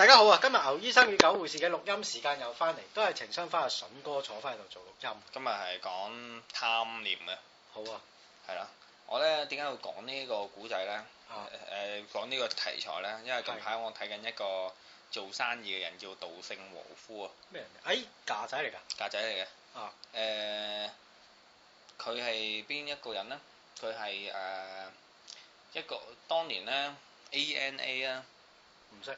大家好啊！今日牛醫生與狗護士嘅錄音時間又翻嚟，都係情商花嘅笋哥坐翻喺度做錄音。今日係講貪念啊，好啊，係啦。我咧點解會講呢講個古仔咧？誒、啊，講呢、呃、個題材咧，因為近排我睇緊一個做生意嘅人叫稻盛和夫啊。咩人？哎，架仔嚟噶。架仔嚟嘅。啊。誒、呃，佢係邊一個人咧？佢係誒一個當年咧，ANA 啊，唔識。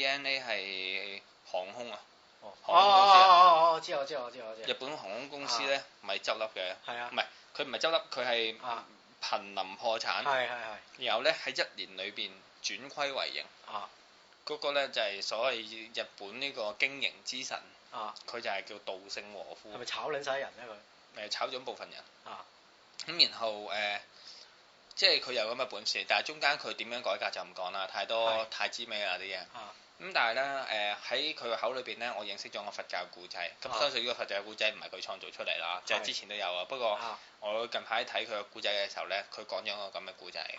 ANA 係航空啊，哦，航空公司哦哦哦，知我知我知我知。日本航空公司咧咪執笠嘅？係啊，唔係佢，唔係執笠，佢係瀕臨破產，係係係。然後咧喺一年裏邊轉虧為盈，啊，嗰個咧就係所謂日本呢個經營之神，啊，佢就係叫稻盛和夫。係咪炒撚晒人咧？佢誒炒咗部分人啊，咁然後誒。即係佢有咁嘅本事，但係中間佢點樣改革就唔講啦，太多太滋味啦啲嘢。咁、啊嗯、但係呢，誒喺佢個口裏邊呢，我認識咗個佛教古仔。咁、啊嗯、相信呢個佛教古仔唔係佢創造出嚟啦，即係之前都有啊。不過我近排睇佢個古仔嘅時候呢，佢講咗個咁嘅古仔。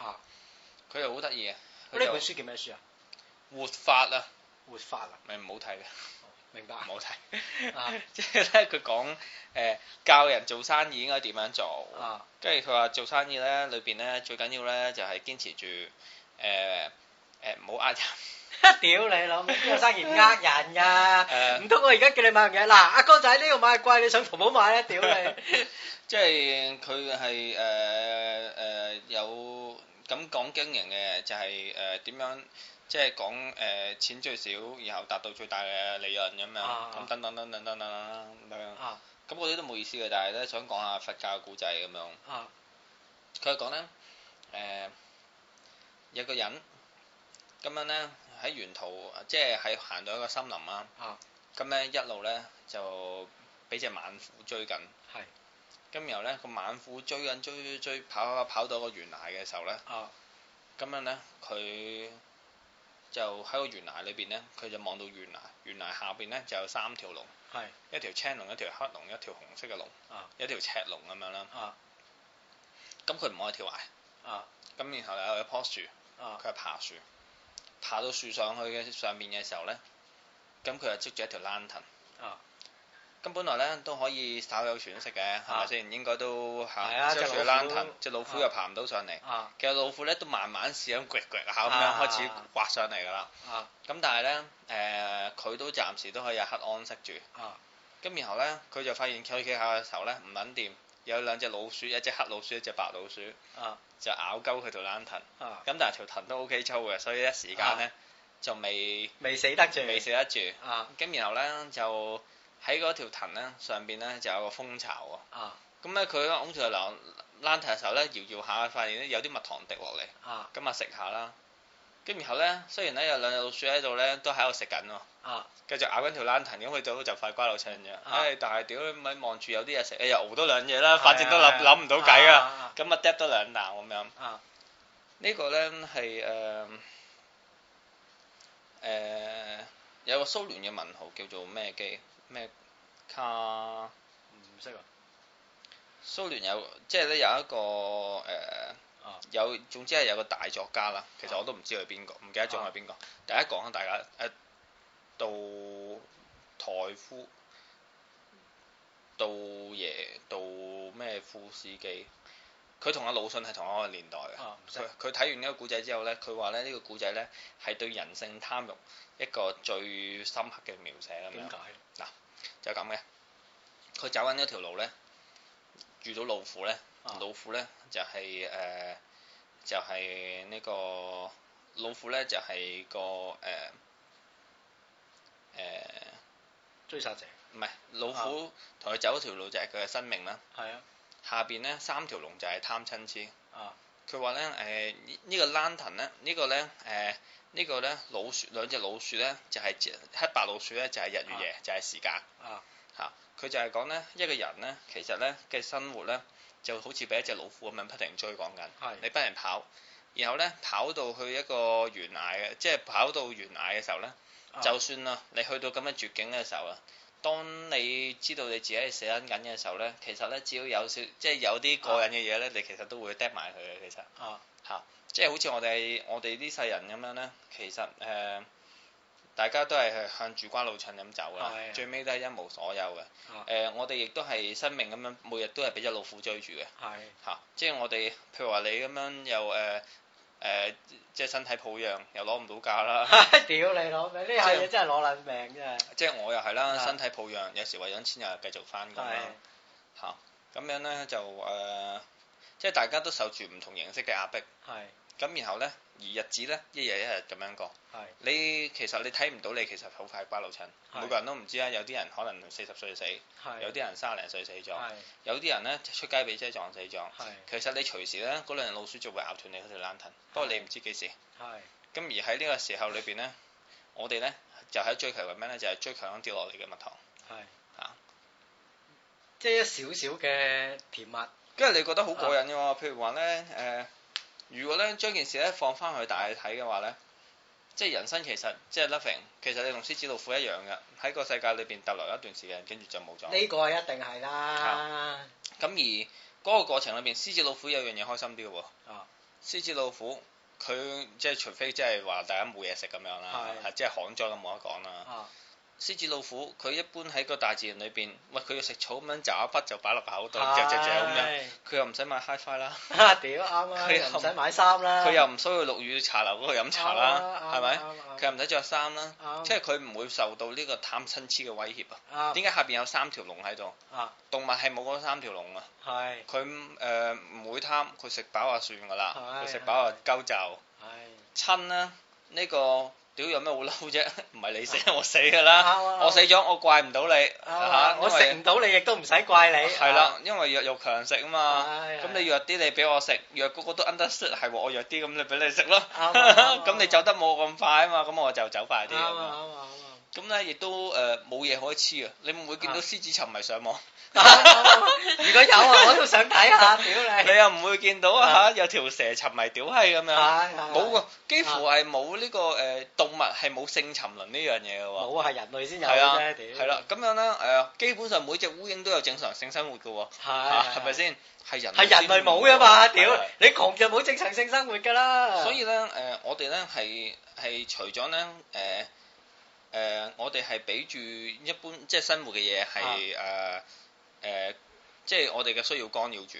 佢又好得意啊！呢本書叫咩書啊？活法啊！活法啊！咪唔好睇嘅。明白，唔好睇，即係咧佢講誒教人做生意應該點樣做，跟住佢話做生意咧裏邊咧最緊要咧就係堅持住誒誒唔好呃，呃人 屌你老母，邊個生意唔呃人噶？唔通我而家叫你買嘢？嗱，阿哥仔呢度買係貴，你上淘寶買咧？屌你！ 即係佢係誒誒有。咁講經營嘅就係誒點樣，即係講誒錢最少，然後達到最大嘅利潤咁樣，咁、啊、等等等等等等咁樣。咁嗰啲都冇意思嘅，但係咧想講下佛教嘅古仔咁樣。啊！佢講呢，誒、呃，有個人咁樣呢，喺沿途，即係喺行到一個森林啦。啊！咁咧一路呢，就俾隻猛虎追緊。係。咁然後咧，個猛虎追緊追追追，跑啊跑到個懸崖嘅時候咧，咁、啊、樣咧，佢就喺個懸崖裏邊咧，佢就望到懸崖，懸崖下邊咧就有三條龍是，一條青龍、一條黑龍、一條紅色嘅龍，啊、一條赤龍咁樣啦。咁佢唔可以跳崖。咁、啊、然後有一棵樹，佢係、啊、爬樹，爬到樹上去嘅上邊嘅時候咧，咁佢就捉住一條爛藤。咁本來咧都可以稍有喘息嘅，係咪先？應該都嚇隻老鼠，隻老虎又爬唔到上嚟。其實老虎咧都慢慢試緊，掘咁樣開始刮上嚟㗎啦。咁但係咧，誒佢都暫時都可以有黑安息住。咁然後咧，佢就發現企企下嘅時候咧唔穩掂，有兩隻老鼠，一隻黑老鼠，一隻白老鼠，就咬鳩佢條冷藤。咁但係條藤都 O K 抽嘅，所以一時間咧就未未死得住，未死得住。咁然後咧就。喺嗰條藤咧上邊咧就有個蜂巢喎，咁咧佢拱住嚟攣藤嘅時候咧搖搖下，發現咧有啲蜜糖滴落嚟，咁啊食下啦，咁然後咧雖然咧有兩隻老鼠喺度咧都喺度食緊喎，繼續咬緊條攣藤，咁佢早到就快瓜老襯啫，唉！但係屌你咪望住有啲嘢食，又熬多兩嘢啦，反正都諗諗唔到計啊，咁啊掉多兩啖咁樣，呢個咧係誒誒有個蘇聯嘅文豪叫做咩機？咩卡唔識啊？蘇聯有即係咧有一個誒，呃啊、有總之係有個大作家啦。其實我都唔知佢邊個，唔、啊、記得咗係邊個。大家講下大家誒，杜、啊、台夫、杜爺、杜咩夫斯基，佢同阿魯迅係同一個年代嘅。佢睇、啊啊、完呢個古仔之後咧，佢話咧呢、這個古仔咧係對人性貪欲一個最深刻嘅描寫，咁點解？嗱、啊。麼就咁嘅，佢走緊呢條路咧，遇到老虎咧，老虎咧就係誒，就係呢個老虎咧就係個誒誒追殺者，唔係老虎同佢、啊、走嗰條路就係佢嘅生命啦。係啊下呢，下邊咧三條龍就係貪嗔痴。啊，佢話咧誒呢、呢個蘭騰咧，呢個咧誒。個呢個咧老鼠，兩隻老鼠咧就係、是、黑白老鼠咧就係、是、日與夜、啊、就係時間嚇，佢就係講咧，一個人咧其實咧嘅生活咧就好似俾一隻老虎咁樣不停追趕緊是你不停跑，然後咧跑到去一個懸崖嘅，即係跑到懸崖嘅時候咧，啊、就算啊你去到咁嘅絕境嘅時候啊，當你知道你自己係死緊緊嘅時候咧，其實咧只要有少即係有啲過癮嘅嘢咧，啊、你其實都會嗒埋佢嘅其實。啊吓，即係好似我哋我哋啲世人咁樣咧，其實誒，大家都係向住瓜路衝咁走啦，最尾都係一無所有嘅。誒，我哋亦都係生命咁樣，每日都係俾隻老虎追住嘅。係，吓，即係我哋，譬如話你咁樣又誒誒，即係身體抱恙，又攞唔到假啦。屌你攞命，呢下嘢真係攞爛命真係。即係我又係啦，身體抱恙，有時為咗錢又繼續翻工。咁樣。吓，咁樣咧就誒。即係大家都守住唔同形式嘅壓迫。係咁，然後呢，而日子呢，一日一日咁樣過，係，你其實你睇唔到，你其實好快瓜老襯，每個人都唔知啦。有啲人可能四十歲死，有啲人三十零歲死咗，有啲人呢出街俾車撞死咗，其實你隨時呢，嗰兩隻老鼠就會咬斷你條攔藤，不過你唔知幾時，係咁，而喺呢個時候裏邊呢，我哋呢就喺追求為咩呢？就係追求緊跌落嚟嘅蜜糖，係啊，即係一少少嘅甜蜜。跟住你覺得好過癮嘅喎、哦，啊、譬如話咧，誒、呃，如果咧將件事咧放翻去大嘅睇嘅話咧，即係人生其實即係 loving，其實你同獅子老虎一樣嘅，喺個世界裏邊逗留一段時間，跟住就冇咗。呢個係一定係啦。咁、啊、而嗰個過程裏邊，獅子老虎有一樣嘢開心啲嘅喎。啊、獅子老虎佢即係除非即係話大家冇嘢食咁樣啦是、啊，即係餓著都冇得講啦。啊啊。獅子老虎佢一般喺個大自然裏邊，喂，佢要食草蜢，就一忽就擺落口度，嚼嚼嚼咁樣，佢又唔使買 high f i 啦，屌，啱啊！佢又唔使買衫啦，佢又唔需要陸羽茶樓嗰度飲茶啦，係咪？佢又唔使着衫啦，即係佢唔會受到呢個貪嗔痴嘅威脅啊！點解下邊有三條龍喺度？動物係冇嗰三條龍啊！係佢誒唔會貪，佢食飽啊算噶啦，佢食飽啊鳩就，親啦呢個。屌有咩好嬲啫？唔 係你死 我死噶啦，啊、我死咗我怪唔到你，啊、為我食唔到你亦都唔使怪你。係啦、啊啊，因為弱肉強食啊嘛。咁、啊、你弱啲，你俾我食；弱個個都 under，係我弱啲，咁你俾你食咯。咁、啊啊啊啊、 你走得冇咁快啊嘛，咁我就走快啲。啊啊啊啊啊啊咁咧亦都誒冇嘢可以黐啊！你唔會見到獅子沉迷上網，如果有啊，我都想睇下屌你！你又唔會見到嚇有條蛇沉迷屌閪咁樣，冇個幾乎係冇呢個誒動物係冇性沉淪呢樣嘢嘅喎，冇係人類先有咧屌！係啦，咁樣咧誒，基本上每隻烏蠅都有正常性生活嘅喎，係係咪先？係人係人類冇嘅嘛屌！你窮就冇正常性生活噶啦！所以咧誒，我哋咧係係除咗咧誒。誒、呃，我哋係畀住一般即係生活嘅嘢係誒誒，即係我哋嘅需要干擾住，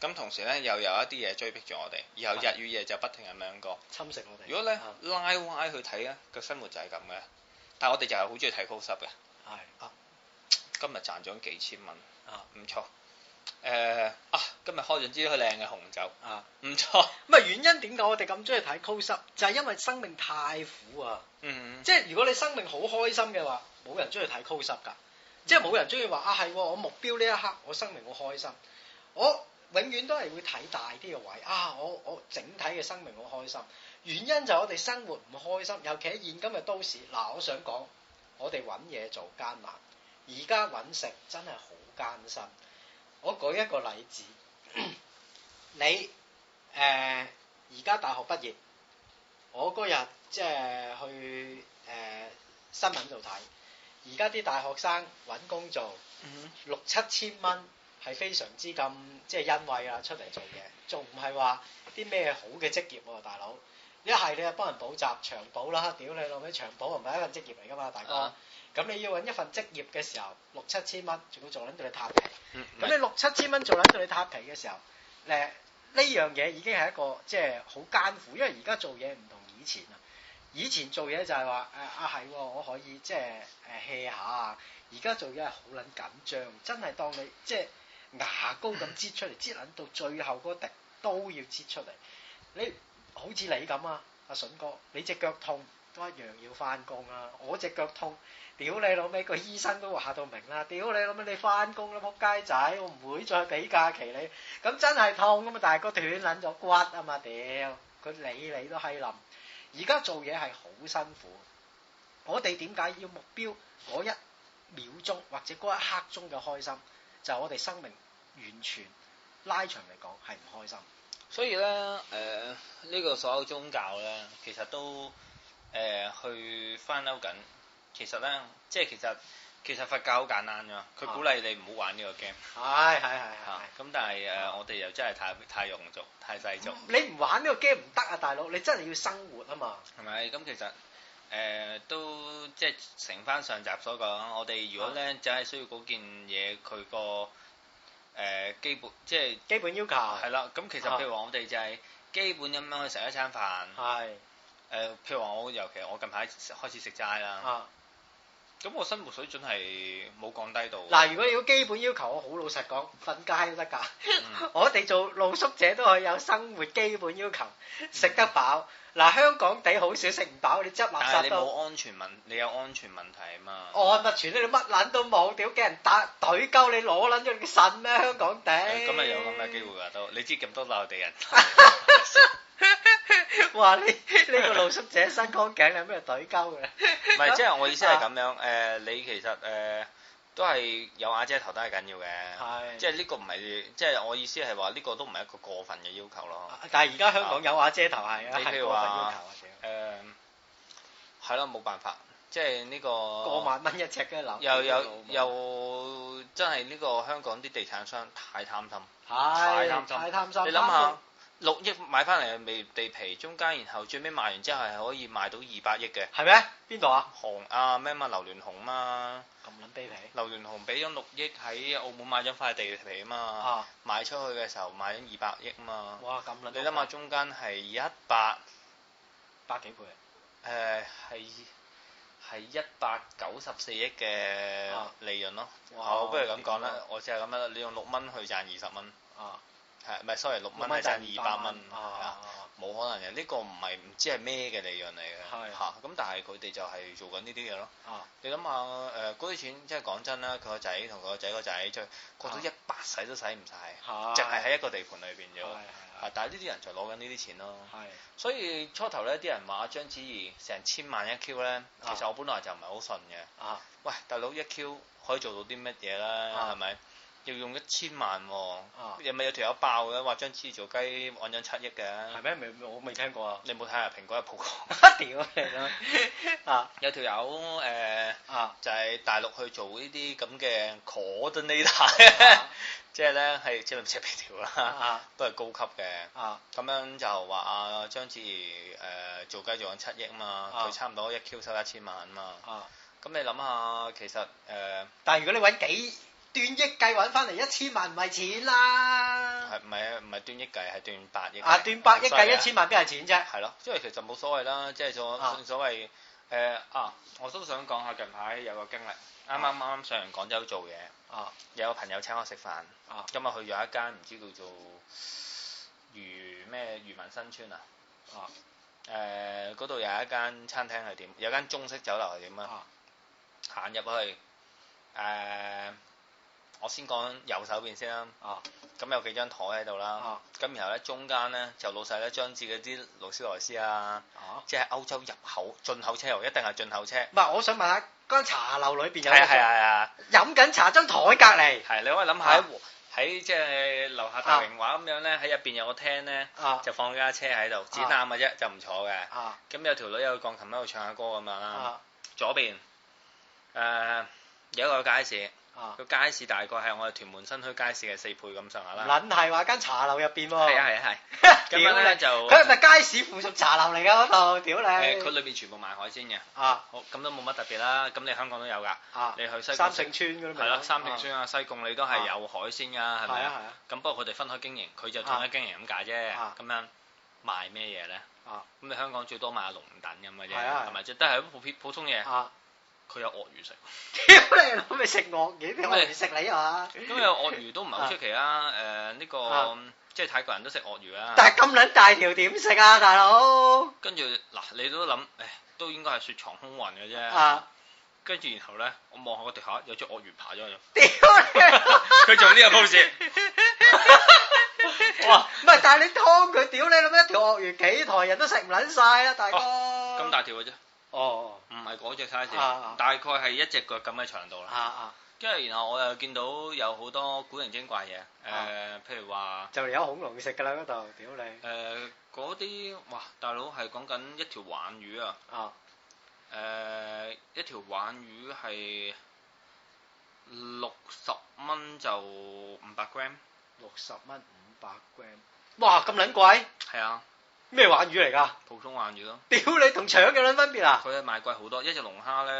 咁是同時咧又有一啲嘢追逼住我哋，然後日與夜就不停咁樣個侵蝕我哋。是如果咧、啊、拉歪去睇咧，個生活就係咁嘅，但係我哋就係好中意睇高濕嘅，係是、啊、今日賺咗幾千蚊，唔錯、啊。啊誒、呃、啊！今日開咗支好靚嘅紅酒啊，唔、啊、錯。咁啊，原因點解我哋咁中意睇 gossip? 就係因為生命太苦啊！嗯，嗯，即係如果你生命好開心嘅話，冇人中意睇 gossip 噶，嗯、即係冇人中意話啊係我目標呢一刻，我生命好開心。我永遠都係會睇大啲嘅位啊！我我整體嘅生命好開心。原因就係我哋生活唔開心，尤其喺現今嘅都市嗱、啊，我想講我哋搵嘢做艱難，而家搵食真係好艱辛。我舉一個例子，你誒而家大學畢業，我嗰日即係去誒、呃、新聞度睇，而家啲大學生揾工做，嗯、哼六七千蚊係非常之咁即係欣慰啦，出嚟做嘢，仲唔係話啲咩好嘅職業、啊，大佬？一係你又幫人補習長補啦，屌你老味長補唔係一份職業嚟噶嘛，大哥。咁、啊、你要搵一份職業嘅時候，六七千蚊仲要做捻到你撻皮，咁、嗯嗯、你六七千蚊做捻到你撻皮嘅時候，誒呢樣嘢已經係一個即係好艱苦，因為而家做嘢唔同以前啊。以前做嘢就係話誒啊係我可以即係誒 hea 下，而家做嘢係好捻緊張，真係當你即係牙膏咁擠出嚟，擠捻 到最後嗰滴都要擠出嚟，你，你好似你咁啊，阿、啊、筍哥，你隻腳痛都一樣要翻工啊！我隻腳痛，屌你老尾個醫生都話吓到明啦！屌你老尾你翻工啦仆街仔，我唔會再俾假期你。咁真係痛啊嘛，但係個斷捻咗骨啊嘛，屌佢理你都閪冧！而家做嘢係好辛苦，我哋點解要目標嗰一秒鐘或者嗰一刻鐘嘅開心，就係、我哋生命完全拉長嚟講係唔開心。所以咧，誒、呃、呢、這個所有宗教咧，其實都誒、呃、去翻嬲緊。其實咧，即係其實其實佛教好簡單噶，佢鼓勵你唔好玩呢個 game。係係係係。咁但係誒，我哋又真係太太庸俗、太世俗。你唔玩呢個 game 唔得啊，大佬！你真係要生活啊嘛。係咪？咁、嗯、其實誒、呃、都即係承翻上集所講，我哋如果咧就係需要嗰件嘢，佢、嗰個。誒，基本即係基本要求係啦，咁其實譬如話我哋就係基本咁樣去食一餐飯，係誒、啊呃。譬如話我，尤其我近排開始食齋啦。啊咁我生活水準係冇降低到。嗱，如果你要基本要求，我好老實講，瞓街都得㗎。嗯、 我哋做露宿者都可以有生活基本要求，食得飽。嗱、嗯，香港地好少食唔飽，你執垃圾都。你冇安全問，好你有安全問題啊嘛。我乜全你都乜撚都冇，屌驚人打懟鳩你攞撚咗你，你，你，你腎咩？香港地。咁咪、嗯、有咁嘅機會㗎、啊、都，你知咁多內地人。 話呢呢個露宿者身光頸有咩懟鳩嘅？唔係，即係我意思係咁樣誒，你其實誒都係有瓦遮頭都係緊要嘅，即係呢個唔係，即係我意思係話呢個都唔係一個過分嘅要求咯。但係而家香港有瓦遮頭係啊，你譬如話，係過分要求嘅。誒，係咯，冇辦法，即係呢個。過萬蚊一尺嘅樓。又有又真係呢個香港啲地產商太貪心，太貪心，太貪心，你諗下。六億買翻嚟未地皮中間，然後最尾賣完之後係可以賣到二百億嘅。係咩？邊度啊？雄啊咩、啊、嘛，劉銮雄嘛。咁撚卑鄙！劉銮雄俾咗六億喺澳門買咗塊地皮啊嘛。啊。賣出去嘅時候賣咗二百億、呃、啊嘛。哇！咁你諗下中間係一百。百幾倍？誒，係係一百九十四億嘅利潤咯。我不如咁講啦，啊、我只係咁樣你用六蚊去賺二十蚊。啊。係咪？sorry，六蚊係賺二百蚊，冇、啊啊啊啊、可能嘅，呢、這個唔係唔知係咩嘅利潤嚟嘅，嚇咁的、啊、但係佢哋就係做緊呢啲嘢咯。啊、你諗下誒，嗰、呃、啲錢即係講真啦，佢個仔同佢個仔個仔，最過到一百使都使唔晒，淨係喺一個地盤裏邊啫。係、啊啊，但係呢啲人就攞緊呢啲錢咯。係的，所以初頭咧，啲人話章子怡成千萬一 Q 咧，啊、其實我本來就唔係好信嘅。啊，喂，大佬一 Q 可以做到啲乜嘢啦？係咪？啊要用一千萬喎、哦，又咪、啊、有條友爆嘅話章子怡做雞按緊七億嘅，係咩？未我未聽過啊！你冇睇下蘋果啊，蘋果！屌你啦！啊， 有條友誒，呃啊、就係大陸去做呢啲咁嘅可。」 coordinate 即係咧係即係唔知咩條啦，就是、video, 都係高級嘅。咁、啊、樣就話、呃、啊，章子怡誒做雞做緊七億啊嘛，佢差唔多一 Q 收一千萬啊嘛。咁你諗下，其實誒，但係如果你搵幾？段億計搵翻嚟一千萬唔係錢啦，係唔係啊？唔係斷億計，係斷百億啊！斷百億計一千萬邊係錢啫？係咯，即係其實冇所謂啦，即係所、啊、所謂誒、呃、啊，我都想講下近排有個經歷，啱啱啱上廣州做嘢，啊，有個朋友請我食飯啊，今日去咗一間唔知道叫做漁咩漁民新村啊，誒、啊，嗰度、呃、有一間餐廳係點？有間中式酒樓係點啊？行入去誒。呃我先講右手邊先啦，咁有幾張台喺度啦，咁然後咧中間咧就老細咧將自己啲勞斯萊斯啊，即係歐洲入口進口車喎，一定係進口車。唔係，我想問下嗰間茶樓裏邊有冇？係係係啊！飲緊茶，張台隔離。係，你可以諗下喺即係樓下大榮華咁樣咧，喺入邊有個廳咧，就放架車喺度展覽嘅啫，就唔坐嘅。咁有條女有鋼琴喺度唱下歌咁啦。左邊誒有一個街市。個街市大概係我哋屯門新區街市嘅四倍咁上下啦。撚係話間茶樓入邊喎。係啊係啊係。咁樣咧就佢係咪街市附屬茶樓嚟噶嗰度，屌你！佢裏邊全部賣海鮮嘅。啊。好，咁都冇乜特別啦。咁你香港都有噶。你去西。三聖村嗰度。係啦，三聖村啊，西貢你都係有海鮮噶，係咪啊？咁不過佢哋分開經營，佢就同一經營咁解啫。咁樣賣咩嘢咧？咁你香港最多賣龍躉咁嘅嘢，係咪？即都係普普通嘢。佢有鱷魚食，屌 你老味食鱷魚，邊個鱷魚食你啊？咁有鱷魚都唔係好出奇啊！誒呢、啊呃呢個、啊、即係泰國人都食鱷魚啊！但係咁撚大條點食啊，大佬？跟住嗱，你都諗誒，都應該係雪藏空運嘅啫。啊！跟住然後咧，我望下個地下有隻鱷魚爬咗去。屌你！佢做呢個 pose。哇！唔係，但係你劏佢，屌你老味一條鱷魚，幾台人都食唔撚晒啊！大哥，咁、啊、大條嘅啫。哦，唔係嗰隻 size，大概係一隻腳咁嘅長度啦。啊跟住、啊、然後我又見到有好多古靈精怪嘢，誒、啊呃，譬如話就嚟有恐龍食噶啦嗰度，屌你！誒，嗰啲哇，大佬係講緊一條鯇魚啊！啊誒、呃，一條鯇魚係六十蚊就五百 gram，六十蚊五百 gram。哇！咁撚貴？係啊。咩皖魚嚟噶？普通皖魚咯。屌你，同腸有卵分別啊！佢係賣貴好多，一隻龍蝦咧，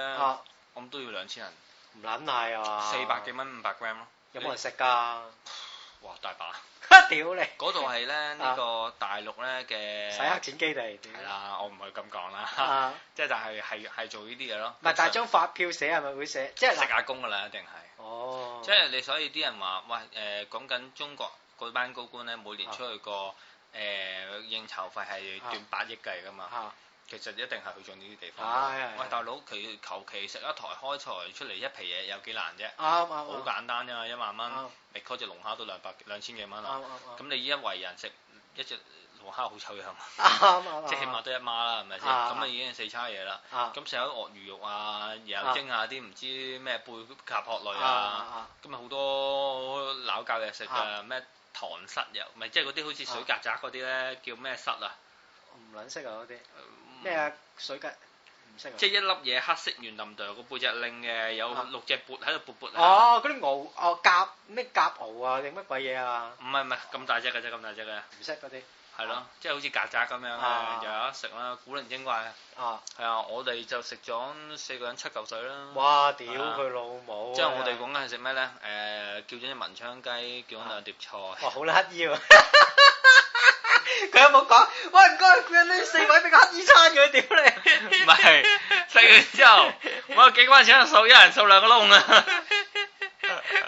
我都、啊、要兩千銀。唔卵係啊！四百幾蚊五百 gram 咯，有冇人食噶？哇，大把！屌你！ 嗰度係咧，呢、這個大陸咧嘅洗黑錢基地。係啦，我唔會咁講啦，即 係但係係係做呢啲嘢咯。唔係，但係張發票寫係咪會寫？即係食下工噶啦，一定係。哦。即係你，所以啲人話喂，誒，講緊中國嗰班高官咧，每年出去過。誒應酬費係斷百億計㗎嘛，其實一定係去咗呢啲地方。喂大佬，佢求其食一台開材出嚟一皮嘢有幾難啫？好簡單啫嘛，一萬蚊，你開隻龍蝦都兩百兩千幾蚊啊！咁你依一圍人食一隻龍蝦好醜嘅，即係起碼都一孖啦，係咪先？咁啊已經四叉嘢啦，咁食下鱷魚肉啊，然後蒸下啲唔知咩貝甲殼類啊，咁日好多撈教嘢食嘅咩？塘虱又唔咪即係嗰啲好似水曱甴嗰啲咧，啊、叫咩虱啊？唔卵識啊嗰啲，咩啊、嗯？水曱唔識？即係一粒嘢黑色圓林度有個背脊拎嘅，有六隻撥喺度撥撥。哦，嗰啲牛哦甲咩甲鰲啊定乜鬼嘢啊？唔係唔係咁大隻噶，就咁、啊、大隻噶，唔識嗰啲。係咯，啊、即係好似曱甴咁樣咧，又有、啊、得食啦，古靈精怪啊，係啊，我哋就食咗四個人七嚿水啦。哇！屌佢老母！即係、啊、我哋講緊係食咩咧？誒、呃，叫咗隻文昌雞，叫咗兩碟菜、啊。哇！好乞衣、啊，佢 有冇講？喂唔該，佢呢四位比俾乞衣餐嘅，屌你！唔係食完之後，我幾蚊錢就數，一人數兩個窿啦、啊。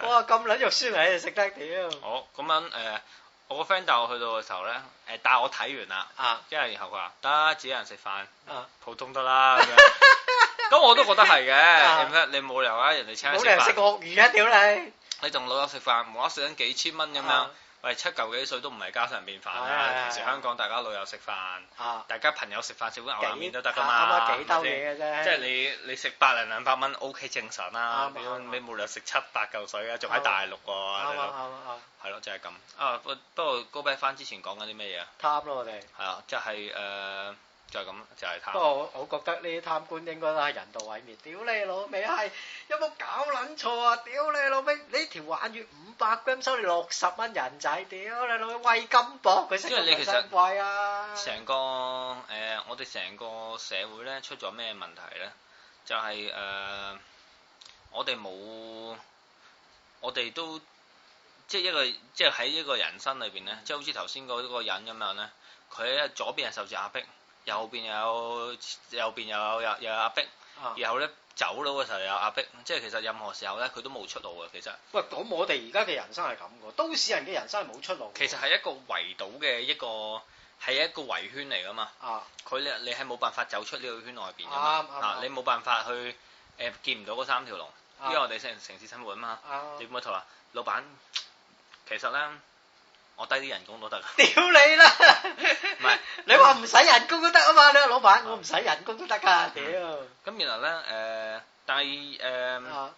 哇！咁撚肉酸嚟你食得，屌！ 好咁樣誒。呃我個 friend 帶我去到嘅時候咧，誒，帶我睇完啦，啊，之後然後佢話得，自己人食飯，啊，普通得啦咁樣，咁 我都覺得係嘅，點咧、啊？你冇理由啊，人哋請食飯冇食鱷魚啊，屌你！你同老友食飯，冇得食緊幾千蚊咁樣。喂，七嚿幾水都唔係家常便飯啊！平時香港大家老友食飯，大家朋友食飯，食碗牛腩麵都得㗎嘛，啱唔啱？幾兜嘢嘅啫，即係你你食百零兩百蚊 O K 精神啦，你你冇理由食七八嚿水啊，仲喺大陸喎，係咯，就係咁。啊，不過高比翻之前講緊啲咩嘢啊？貪咯，我哋係啊，即係誒。就咁，就係貪。不過我我覺得呢啲貪官應該都係人道毀滅。屌你老味，係有冇搞撚錯啊？屌你老味，你條鯇魚五百 g 收你六十蚊人仔，屌你老味，喂金薄，佢識唔識貴啊？成個誒，我哋成個社會咧出咗咩問題咧？就係誒，我哋冇，我哋都即係一個，即係喺一個人生裏邊咧，即係好似頭先嗰個人咁樣咧，佢喺左邊係受住壓迫。右邊又有，右邊又有，又有阿碧，啊、然後咧走佬嘅時候又有阿碧，即係其實任何時候咧佢都冇出路嘅，其實。喂，咁我哋而家嘅人生係咁嘅，都市人嘅人生係冇出路。其實係一個圍堵嘅一個，係一個圍圈嚟噶嘛。啊。佢你你係冇辦法走出呢個圈外邊㗎嘛？啊啊啊、你冇辦法去誒、呃、見唔到嗰三條龍，因為我哋成城市生活啊嘛。啱。啊啊、你冇錯啦，老闆。其實咧。我低啲 人工都得噶。屌你啦！唔係你話唔使人工都得啊嘛？你話老闆，我唔使人工都得噶、啊。屌、嗯！咁原來咧誒、呃，但係誒，呃啊、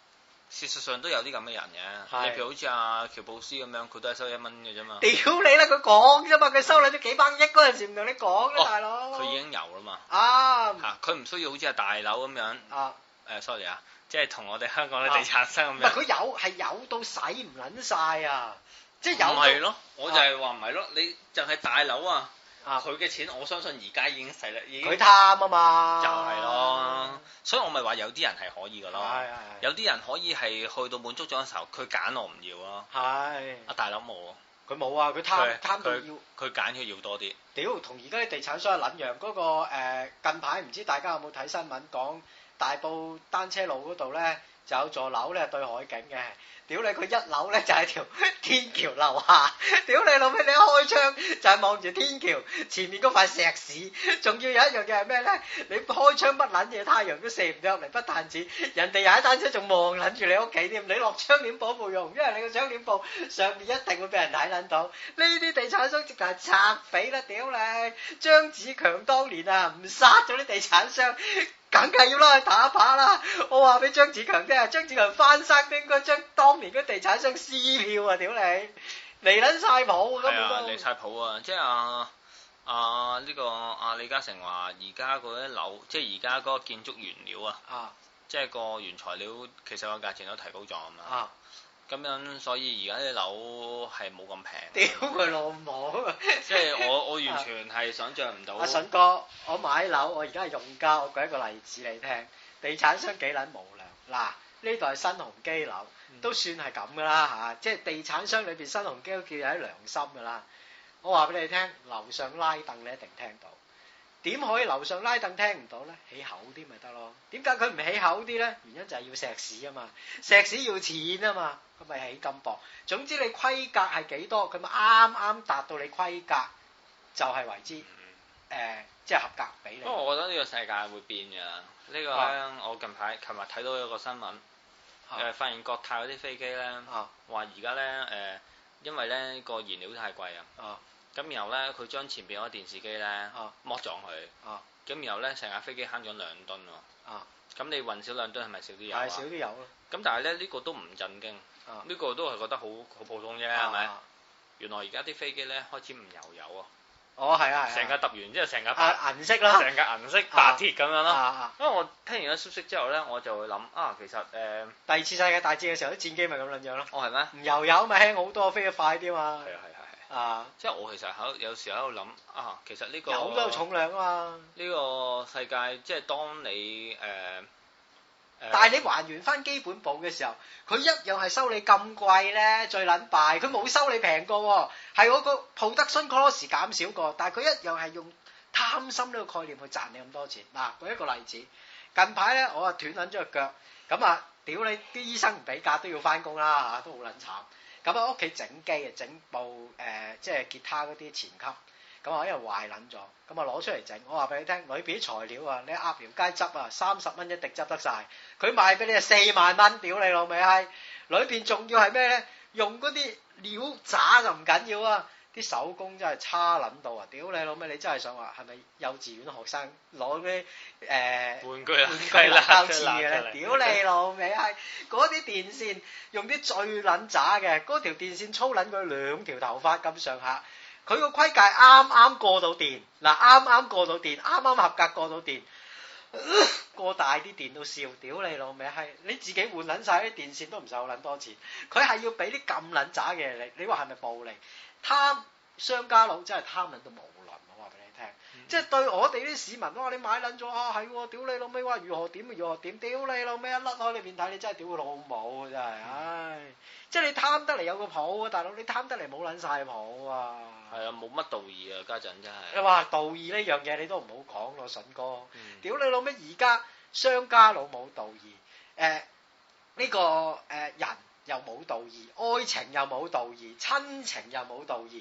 事實上都有啲咁嘅人嘅，譬是 如好似阿喬布斯咁樣，佢都係收一蚊嘅啫嘛。屌你啦！佢講啫嘛，佢收你咗幾百億嗰陣時唔同你講嘅、哦、大佬。佢已經有啦嘛。啱。佢唔需要好似係大樓咁樣。啊，啊。誒，sorry 啊，即係同我哋香港啲地產商咁樣、啊。佢有，係有，有到使唔撚晒啊！即係有，唔係咯？我就係話唔係咯，是的 你就係大樓啊！佢嘅是的 錢，我相信而家已經使啦，已經。佢貪啊嘛就！就係咯，所以我咪話有啲人係可以嘅咯。係係係。有啲人可以係去到滿足咗嘅時候，佢揀我唔要咯。係是的。阿大佬冇。啊，佢冇啊！佢貪貪到要，佢揀佢要多啲。屌，同而家啲地產商撚樣嗰個，誒近排唔知大家有冇睇新聞講大埔單車路嗰度咧？就有座樓咧對海景嘅，屌你佢一樓咧就係條天橋樓下，屌你老味你一開窗就係望住天橋前面嗰塊石屎，仲要有一樣嘢係咩咧？你開窗不捻嘢太陽都射唔到入嚟，不但止，人哋踩單車仲望捻住你屋企添，你落窗簾布冇用，因為你個窗簾布上面一定會俾人睇捻到，呢啲地產商直頭係賊匪啦，屌你張子強當年啊，唔殺咗啲地產商！梗係要拉去打靶啦！我話俾張子強聽，張子強翻生都應該將當年嗰地產商撕票啊！屌你離撚晒譜咁樣離晒譜啊！即係啊，阿、啊、呢、呢個阿、啊、李嘉誠話，而家嗰啲樓即係而家嗰個建築原料啊，啊即係個原材料其實個價錢都提高咗咁啊！啊咁樣，所以而家啲樓係冇咁平。屌佢老母！ 即係我，我完全係想象唔到、 啊。阿、啊、信哥，我買樓，我而家係用家。我舉一個例子你聽，地產商幾撚無良？嗱、啊，呢度係新鴻基樓，都算係咁噶啦嚇。即係地產商裏邊新鴻基都叫有啲良心噶啦。我話俾你聽，樓上拉凳你一定聽到。點可以樓上拉凳聽唔到咧？起厚啲咪得咯？點解佢唔起厚啲咧？原因就係要石屎啊嘛，石屎要錢啊嘛，佢咪起咁薄。總之你規格係幾多，佢咪啱啱達到你規格就係為之誒，即係、嗯呃就係、合格俾你。不過我覺得呢個世界會變㗎，呢、呢個、啊、我近排琴日睇到一個新聞，誒、啊呃、發現國泰嗰啲飛機咧，話而家咧誒，因為咧個燃料太貴啊。咁然後咧，佢將前邊嗰個電視機咧剝咗佢，咁然後咧成架飛機慳咗兩噸喎，咁你運少兩噸係咪少啲油？係少啲油咯。咁但係咧呢個都唔震驚，呢個都係覺得好好普通啫，係咪？原來而家啲飛機咧開始唔油油啊！哦，係啊，係成架揼完之後，成架白銀色啦，成架銀色白鐵咁樣啦。因為我聽完咗消息之後咧，我就會諗啊，其實誒第二次世界大戰嘅時候啲戰機咪咁樣樣咯。哦，係咩？唔油油咪輕好多，飛得快啲嘛。係啊，係。啊！即係我其實喺有時喺度諗啊，其實呢、這個好多重量啊！嘛。呢個世界即係當你誒，呃呃、但係你還原翻基本保嘅時候，佢一樣係收你咁貴咧，最撚弊！佢冇收你平過，係我個普德信 Coors 減少過，但係佢一樣係用貪心呢個概念去賺你咁多錢嗱、啊。舉一個例子，近排咧我啊斷撚咗隻腳，咁啊屌你啲醫生唔俾假都要翻工啦吓，都好撚慘。咁喺屋企整機啊，整部誒、呃、即係吉他嗰啲前級，咁啊因為壞撚咗，咁啊攞出嚟整。我話俾你聽，裏邊啲材料啊，你鴨寮街執啊，三十蚊一滴執得晒。佢賣俾你，你啊，四萬蚊，屌你老味閪！裏邊仲要係咩咧？用嗰啲料渣就唔緊要啊！啲手工真係差撚到啊！屌你老味，你真係想話係咪幼稚園學生攞啲誒玩具啦，膠嘅咧？具屌你老味，係啲電線用，用啲最撚渣嘅，嗰條電線粗撚佢兩條頭髮咁上下。佢個規格啱啱過到電，嗱啱啱過到電，啱啱合格過到電，呃、過大啲電都笑。屌你老味係，你自己換撚晒啲電線都唔使好撚多錢，佢係要俾啲咁撚渣嘅你，你話係咪暴利？貪商家佬真係貪捻到無倫，我話俾你聽，嗯、即係對我哋啲市民，哇你買捻咗啊係，屌、啊、你老味，話如何點如何點，屌你老味一甩開你面睇，你真係屌佢老母真係，唉、哎，即係你貪得嚟有個譜、啊，大佬你貪得嚟冇捻晒譜啊，係、嗯、啊冇乜道義啊家陣真係，哇、啊、道義呢樣嘢你都唔好講咯順哥，屌、嗯、你老味而家商家佬冇道義，誒、呃、呢、這個誒、呃、人。又冇道義，愛情又冇道義，親情又冇道義。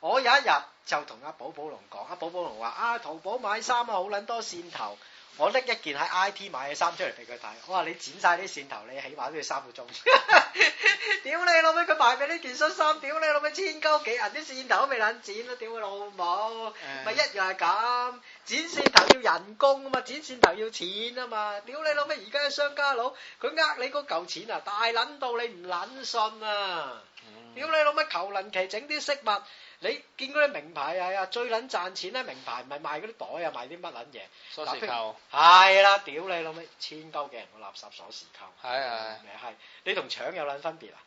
我有一日就同阿寶寶龍講，阿寶寶龍話啊，淘寶買衫啊，好撚多線頭。我拎一件喺 IT 買嘅衫出嚟俾佢睇，我話你剪晒啲線頭，你起碼都要三個鐘。 屌你老味，佢賣俾呢件恤衫，屌你老味千鳩幾銀，啲線頭都未捻剪啦，屌你老母、uh，咪一樣係咁，剪線頭要人工啊嘛，剪線頭要錢啊嘛。 屌你老味而家嘅商家佬，佢呃你嗰嚿錢啊，大捻到你唔捻信啊、um，屌你老味求捻其整啲飾物。你見嗰啲名牌啊，最撚賺錢咧！名牌唔係賣嗰啲袋啊，賣啲乜撚嘢？鎖匙扣。係啦，屌你老味，千鳩嘅人個垃圾鎖匙扣。係係。係，你同搶有撚分別啊？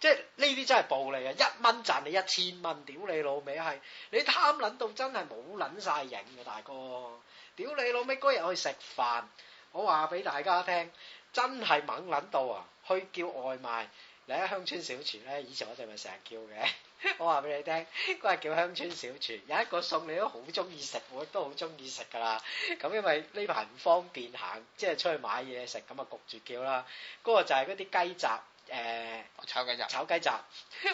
即係呢啲真係暴利啊！一蚊賺你一千蚊，屌你老味係！你貪撚到真係冇撚晒型嘅大哥，屌你老味嗰日去食飯，我話俾大家聽，真係猛撚到啊！去叫外賣。你喺鄉村小廚咧，以前我哋咪成日叫嘅， 我話俾你聽，嗰日叫鄉村小廚，有一個餸你都好中意食，我都好中意食㗎啦。咁因為呢排唔方便行，即係出去買嘢食，咁啊焗住叫啦。嗰、那個就係嗰啲雞雜誒，炒雞雜，呃、炒雞雜，雜。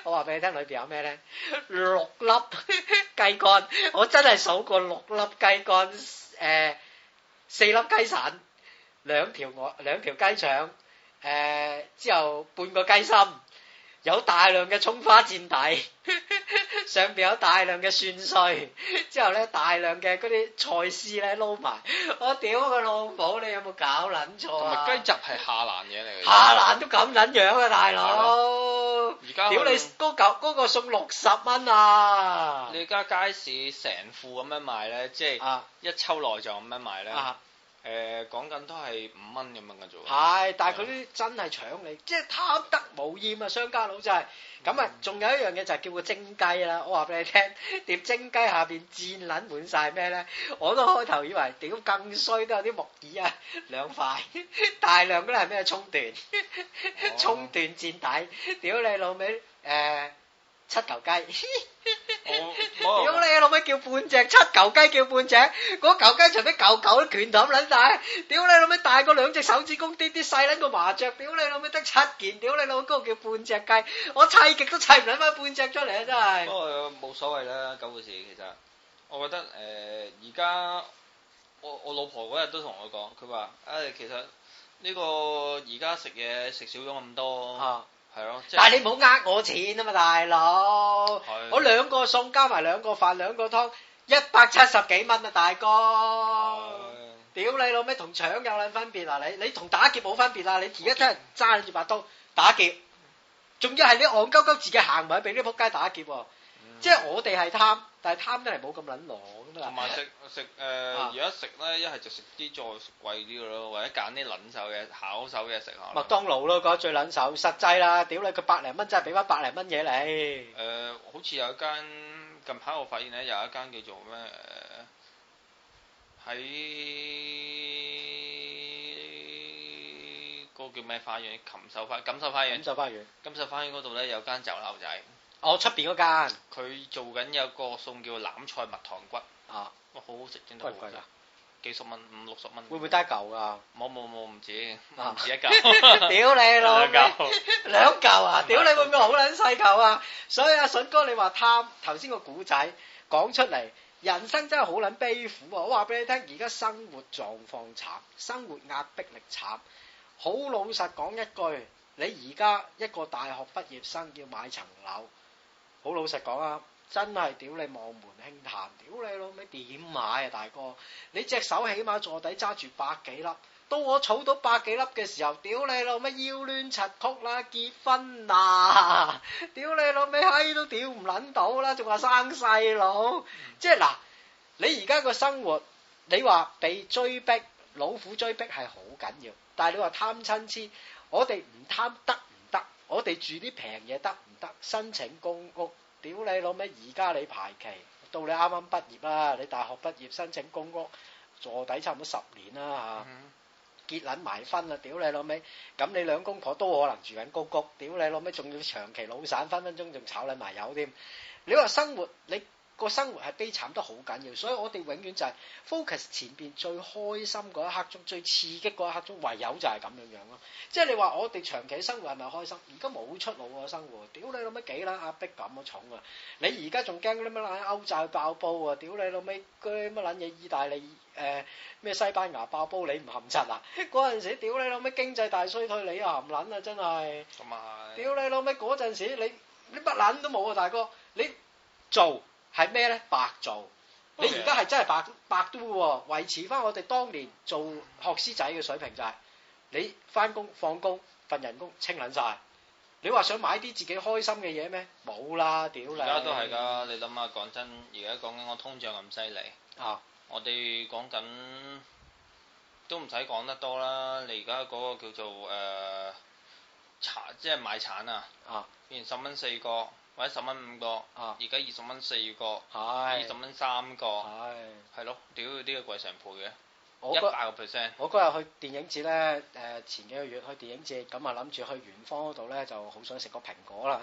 我話俾你聽，裏邊有咩咧？六粒雞 肝，我真係數過六粒雞肝誒、呃，四粒雞腎，兩條我兩條雞腸。誒、呃，之後半個雞心，有大量嘅葱花墊底， 上邊有大量嘅蒜碎，之後咧大量嘅嗰啲菜絲咧撈埋，我屌個老母，你有冇搞捻錯？同埋雞雜係下欄嘢嚟，下欄都咁捻樣嘅、啊、大佬哥！屌你嗰嚿、嗰個嗰個送六十蚊啊！你家街市成副咁樣賣咧，即係一抽內臟咁樣賣咧。啊誒講緊都係五蚊咁樣嘅啫喎，係，但係佢啲真係搶你，即係貪得無厭啊！商家佬就係，咁啊，仲有一樣嘢就係叫個蒸雞啦，我話俾你聽，碟蒸雞下邊戰撚滿曬咩咧？我都開頭以為屌更衰都有啲木耳啊，兩塊，大量嗰啲係咩？葱段，葱段戰底，屌你老味，誒七頭雞。屌你老味叫半隻，七嚿雞叫半隻，嗰嚿雞除非嚿嚿都拳頭卵大，屌你老味大過兩隻手指公啲啲細卵個麻雀，屌你老味得七件，屌你老高叫半隻雞，我砌極都砌唔捻翻半隻出嚟啊真係。不過冇所謂啦，咁回事其實，我覺得誒而家我我老婆嗰日都同我講，佢話誒其實呢個而家食嘢食少咗咁多。啊係咯，哦、但係你唔好呃我錢啊嘛，大佬！對我兩個餸，加埋兩個飯，兩個湯，一百七十幾蚊啊，大哥！屌你老咩，同搶有兩分別嗱，你你同打劫冇分別啊，你而家真係揸住把刀打劫，仲 Okay. 要係你戇鳩鳩自己行埋去俾啲仆街打劫，啊，嗯，即係我哋係貪。但係貪得嚟冇咁撚攞㗎嘛，同埋食食誒，而家食咧一係就食啲再食貴啲嘅咯，或者揀啲撚手嘅、巧手嘅食下。麥當勞咯，覺得最撚手，實際啦，屌你個百零蚊真係俾翻百零蚊嘢你。誒，好似有一間近排我發現咧，有一間叫做咩？喺個叫咩花園？錦繡花園，錦繡花園。錦繡花園嗰度咧，有間酒樓仔，我出邊嗰間佢做緊有個餸，叫欖菜蜜糖骨啊，哇，好好食，整得好咋，幾十蚊五六十蚊，會唔會得一嚿噶？冇冇冇，唔止，唔止一嚿。屌你老味，兩嚿啊？屌你會唔會好撚細嚿啊？所以阿順哥你，你話貪頭先個古仔講出嚟，人生真係好撚悲苦。啊！我話俾你聽，而家生活狀況慘，生活壓迫力慘。好老實講一句，你而家一個大學畢業生要買層樓。好老實講啊，真係屌你望門興談，屌你老味點買啊大哥！你隻手起碼坐底揸住百幾粒，到我儲到百幾粒嘅時候，屌你老味腰攣七曲啦，結婚啦！屌你老味閪都屌唔撚到啦，仲話生細路，嗯、即係嗱，你而家個生活，你話被追逼老虎追逼係好緊要，但係你話貪親痴，我哋唔貪得。我哋住啲平嘢得唔得？申請公屋，屌你老味！而家你排期，到你啱啱畢業啦，你大學畢業申請公屋，坐底差唔多十年啦嚇，mm hmm. 結捻埋婚啊，屌你老味！咁你兩公婆都可能住緊公屋，屌你老味！仲要長期老散，分分鐘仲炒捻埋魷添。你話生活你？個生活係悲慘得好緊要，所以我哋永遠就係 focus 前邊最開心嗰一刻中、最刺激嗰一刻中，唯有就係咁樣樣咯。即係你話我哋長期生活係咪開心？而家冇出路啊！生活，屌你老母幾啦？壓迫咁啊重啊！你而家仲驚啲乜嘢歐債爆煲啊？屌你老母，居啲乜撚嘢？意大利誒，咩、呃、西班牙爆煲？你唔含柒啊？嗰陣時，屌你老母經濟大衰退，你又含撚啊！真係。同埋屌你老母嗰陣時，你你乜撚都冇啊，大哥！你做。係咩咧？白做！Okay. 你而家係真係白白都喎、哦，維持翻我哋當年做學師仔嘅水平就係你翻工放工份人工清撚晒。你話想買啲自己開心嘅嘢咩？冇啦，屌！你！而家都係噶，你諗下，講真，而家講緊個通脹咁犀利啊！我哋講緊都唔使講得多啦。你而家嗰個叫做誒產、呃，即係買產啊！啊、哦，變十蚊四個。或者十蚊五個，而家、啊、二十蚊四個，係二十蚊三個，係咯係，屌、這、呢個貴成倍嘅。我嗰日去電影節咧，誒，前幾個月去電影節，咁啊諗住去元芳嗰度咧，就好想食個蘋果啦。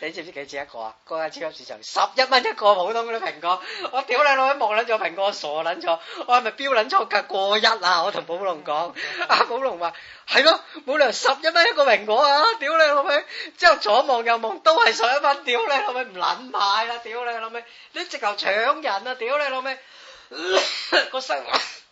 你知唔知幾錢一個啊？嗰間超級市場十一蚊一個普通嘅蘋果，果。我屌你老味望捻錯蘋果，傻捻咗。我係咪標捻錯價過一啊？我同寶龍講，阿寶龍話係咯，冇理由、啊、十一蚊一個蘋果啊！屌你老味，之後左望右望都係十一蚊，屌你老味唔撚買啦！屌你老味，你直頭搶人啊！屌你老味，個身。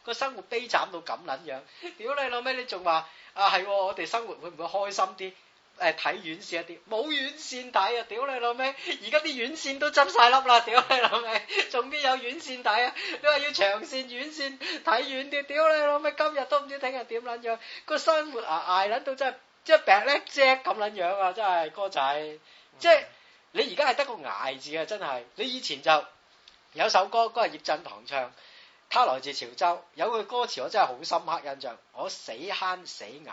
個生活悲慘到咁撚樣，屌你老味！你仲話啊係，我哋生活會唔會開心啲？誒睇遠線一啲，冇遠線睇啊！屌你老味！而家啲遠線都執曬笠啦！屌你老味，仲邊有遠線睇啊？你話要長線遠線睇遠啲，屌你老味！今日都唔知聽日點撚樣，個生活啊捱撚到真係即係病叻 jack 咁撚樣啊！真係哥仔，即係你而家係得個捱字啊真係，你以前就有首歌，嗰個葉振棠唱。他來自潮州，有句歌詞我真係好深刻印象，我死慳死捱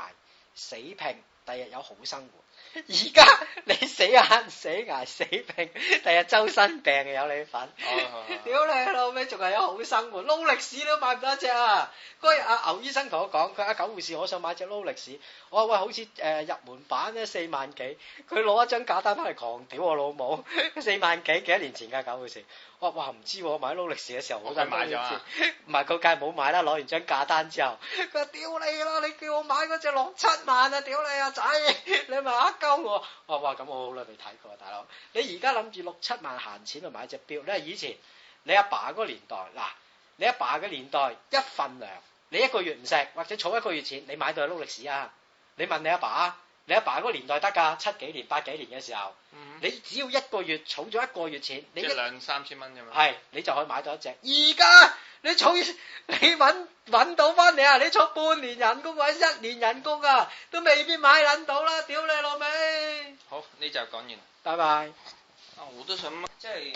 死拼，第日有好生活。而家你死慳死捱死拼，第日周身病又有你份。屌、哦、 你老味，仲係有好生活，勞力士都買唔到隻啊！嗰日阿牛醫生同我講，佢阿、啊、狗護士，我想買隻勞力士，我話喂，好似誒、呃、入門版咧四萬幾，佢攞一張假單翻嚟狂屌我老母，四萬幾幾多年前㗎狗護士。我話唔知喎、啊，買碌歷史嘅時候好多人買咗。唔係、 嗯，佢梗係冇買啦、啊。攞完張價單之後，佢話：屌你啦，你叫我買嗰隻六七萬啊！屌你啊仔，你咪呃鳩我。我話：哇，咁我好耐未睇過、啊，大佬。你而家諗住六七萬閒錢去買隻表？你係以前你阿爸嗰年代嗱，你阿爸嘅年代一份糧，你一個月唔食或者儲一個月錢，你買到去碌歷史啊！你問你阿爸啊？你阿爸嗰個年代得噶，七幾年八幾年嘅時候，嗯、你只要一個月儲咗一個月錢，即係兩三千蚊啫嘛。係，你就可以買到一隻。而家你儲，你搵搵到翻嚟啊！你儲半年人工，或者一年人工啊，都未必買撚到啦、啊，屌你老味！好，呢就講完，拜拜 bye、啊。我都想即係。